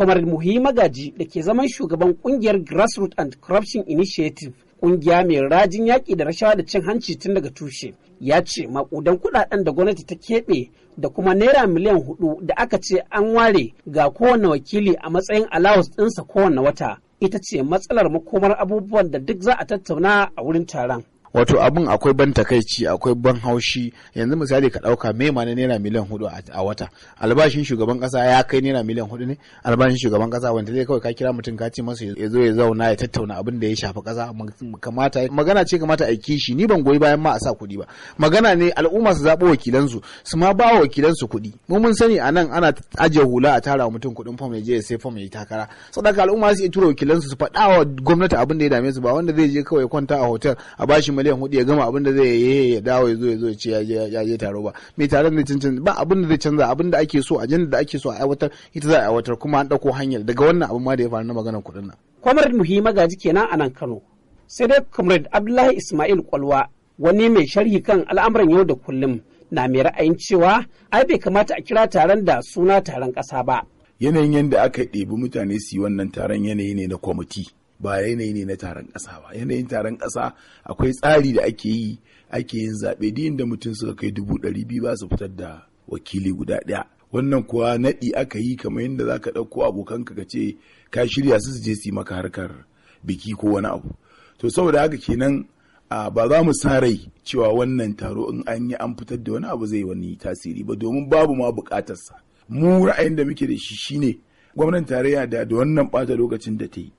Kwamar Muhimma Magaji da ke zaman shugaban kungiyar Grassroots and Corruption Initiative kungiya mai rajin yaƙi da rashawa da cin hanci tun daga tushe ya ce makudan kuɗaɗen da gwamnati ta keɓe da kuma naira miliyan hudu da aka ce an ware ga kowane wakili a matsayin alawus ɗinsa kowane wata ita ce matsalar makomar abubuwan da duk za a tattauna a wurin taron wato abun akwai ban takaici akwai ban haushi yanzu misali ka dauka ma ne naira miliyan hudu a wata albashin shugaban kasa ya kai naira miliyan hudu ne albashin shugaban kasa wanda zai kawai ka kira mutum ka ce masa ya zo ya zauna ya tattauna abin da ya shafi kasa kamata magana ce kamata a kishi ni ban goyi bayan ma a sa kuɗi ba magana ne al'umma su zaɓi wakilansu su ma ba wa wakilansu kuɗi mu mun sani a nan ana ajiye hula a tara mutum kuɗin fam ya je ya sai fam ya yi takara saboda al'umma su iya tura wakilansu su faɗa wa gwamnati abin da ya dame su ba wanda zai je kawai kwanta a hotel a bashi miliyan hudu ya gama abin zai yi ya dawo ya zo ya zo ya ce ya je taro ba mai taron ne cancan ba abinda zai canza abinda ake so ajanda da ake so a aiwatar ita za a aiwatar kuma an dauko hanyar daga wannan abin ma da ya faru na maganar kuɗin nan. comrade muhi magaji kenan a nan kano sai dai comrade abdullahi ismail kwalwa wani mai sharhi kan al'amuran yau da kullum na mai ra'ayin cewa ai bai kamata a kira taron da suna taron kasa ba. yanayin yadda aka ɗebi mutane su yi wannan taron yanayi ne na kwamiti ba yanayi ne na taron ƙasa ba yanayin taron ƙasa akwai tsari da ake yi ake yin zaɓe din da mutum suka kai dubu ɗari biyu ba su fitar da wakili guda ɗaya wannan kuwa naɗi aka yi kamar yadda za ka ɗauko abokanka ka ce ka shirya su su je su yi maka harkar biki ko wani abu to saboda haka kenan ba za mu sa rai cewa wannan taro in an yi an fitar da wani abu zai wani tasiri ba domin babu ma buƙatarsa mu ra'ayin da muke da shi shine gwamnan tarayya da da wannan ɓata lokacin da ta yi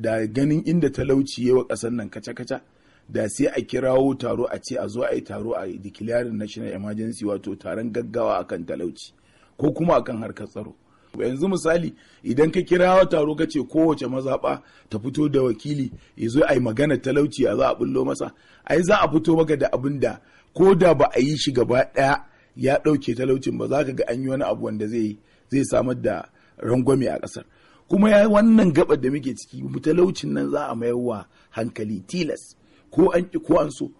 da ganin inda talauci yawa kasar nan kaca-kaca da sai a kirawo taro a ce a zo a yi taro a declaring national emergency wato taron gaggawa akan talauci ko kuma akan harkar tsaro yanzu misali idan ka kirawo taro ka ce kowace mazaɓa ta fito da wakili ya zo a yi magana talauci a za a bullo masa ai za a fito maka da abin da ko da ba a yi shi gaba ɗaya ya ɗauke talaucin ba za ka ga an yi wani abu wanda zai samar da rangwame a ƙasar kuma ya wannan gabar da muke ciki talaucin nan za a mayar wa hankali tilas ko an ki ko an so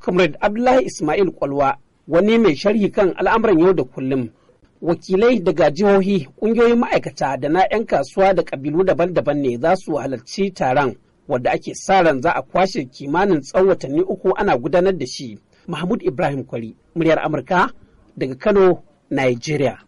comrade abdullahi ismail kwalwa wani mai sharhi kan al'amuran yau da kullum wakilai daga jihohi ƙungiyoyin ma'aikata da na 'yan kasuwa da kabilu daban-daban ne za su halarci taron wadda ake sa ran za a kwashe kimanin tsawon watanni uku ana gudanar da shi mahmud ibrahim kwari muryar amurka daga kano nigeria